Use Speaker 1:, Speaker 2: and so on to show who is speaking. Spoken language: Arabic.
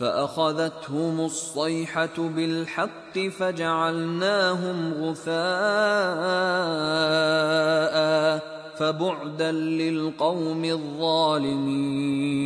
Speaker 1: فأخذتهم الصيحة بالحق فجعلناهم غثاء فبعدا للقوم الظالمين